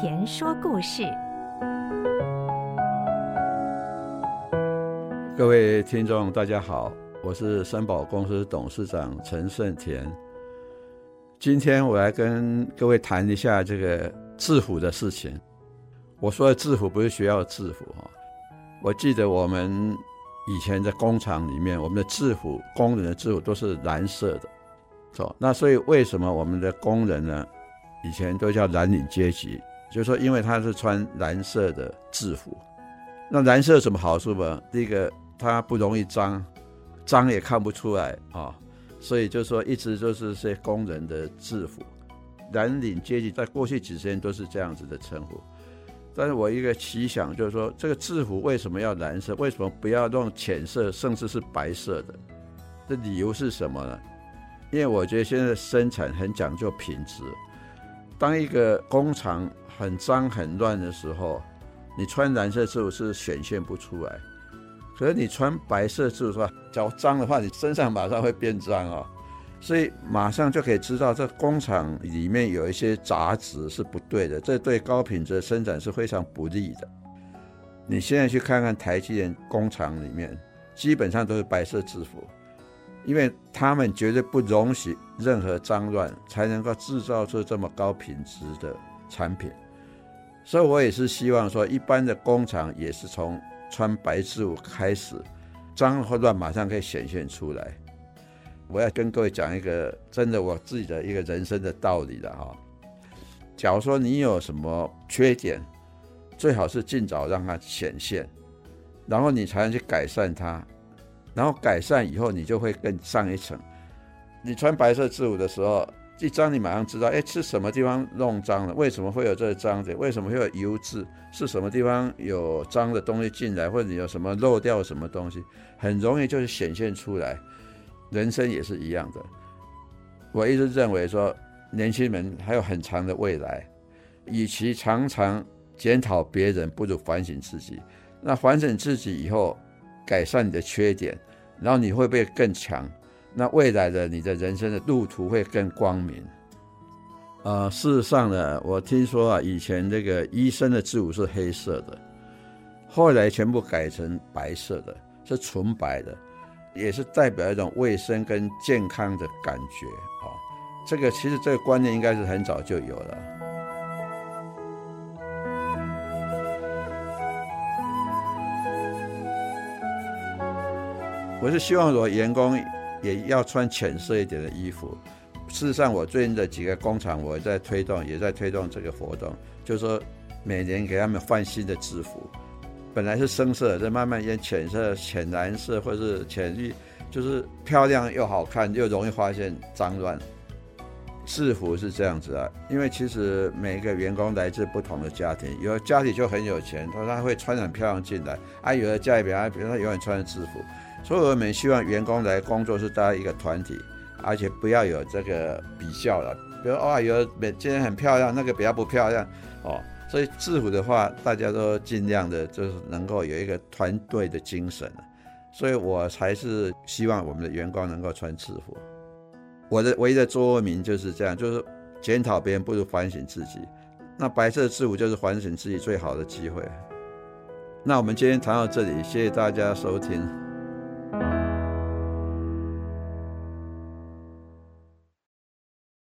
沺說故事，各位聽眾，大家好，我是森寶公司董事長陳慎沺。今天我來跟各位談一下這個制服的事情。我說的制服不是學校制服啊。我記得我們以前的工廠裡面，我們的制服工人的制服都是藍色的，那所以為什麼我們的工人呢，以前都叫藍領階級？就是說，因為他是穿藍色的制服，那藍色有什麼好處嗎？第一個，它不容易髒，髒也看不出來啊、哦。所以就說，一直就是些工人的制服，藍領階級，在過去幾十年都是這樣子的稱呼。但是我一個奇想，就是說，這個制服為什麼要藍色？為什麼不要用淺色，甚至是白色的？這理由是什麼呢？因為我覺得現在生產很講究品質。當一個工廠很髒很亂的時候，你穿藍色制服是顯現不出來。可是你穿白色制服的話，腳髒的話，你身上馬上會變髒哦，所以馬上就可以知道這工廠裡面有一些雜質是不對的，這對高品質的生產是非常不利的。你現在去看看台積電工廠裡面，基本上都是白色制服。因為他們絕對不容許任何髒亂，才能夠制造出這麼高品質的產品。所以，我也是希望說，一般的工廠也是從穿白制服開始，髒和亂馬上可以顯現出來。我要跟各位講一個真的我自己的一個人生的道理的哈。假如說你有什麼缺點，最好是盡早讓它顯現，然後你才能去改善它。然後改善以後，你就會更上一層。你穿白色制服的時候，一張你馬上知道，哎，是什麼地方弄髒了？為什麼會有這個髒點？為什麼會有油漬？是什麼地方有髒的東西進來，或者你有什麼漏掉什麼東西？很容易就是顯現出來。人生也是一樣的。我一直認為說，年輕人還有很長的未來，與其常常檢討別人，不如反省自己。那反省自己以後，改善你的缺點，然後你會不會更強？那未來的你的人生的路途會更光明。啊、呃，事實上呢，我聽說啊，以前這個醫生的制服是黑色的，後來全部改成白色的，是純白的，也是代表一種衛生跟健康的感覺啊、哦。這個其實這個觀念應該是很早就有了。我是希望我員工也要穿淺色一點的衣服。事實上，我最近的幾個工廠，我在推動，也在推動這個活動，就是說每年給他們換新的制服。本來是深色，再慢慢變淺色，淺藍色或是淺綠，就是漂亮又好看又容易發現髒亂。制服是這樣子啊，因為其實每一個員工來自不同的家庭，有的家裡就很有錢，他他會穿很漂亮進來啊；有的家裡邊比如他永遠穿著制服。所以我們希望員工來工作是大家一個團體，而且不要有這個比較了，比如啊，有今天很漂亮，那個比較不漂亮哦。所以制服的話，大家都盡量的，就是能夠有一個團隊的精神。所以我還是希望我們的員工能夠穿制服。我的唯一的座右銘就是這樣，就是檢討別人不如反省自己。那白色的制服就是反省自己最好的機會。那我們今天談到這裡，謝謝大家收聽。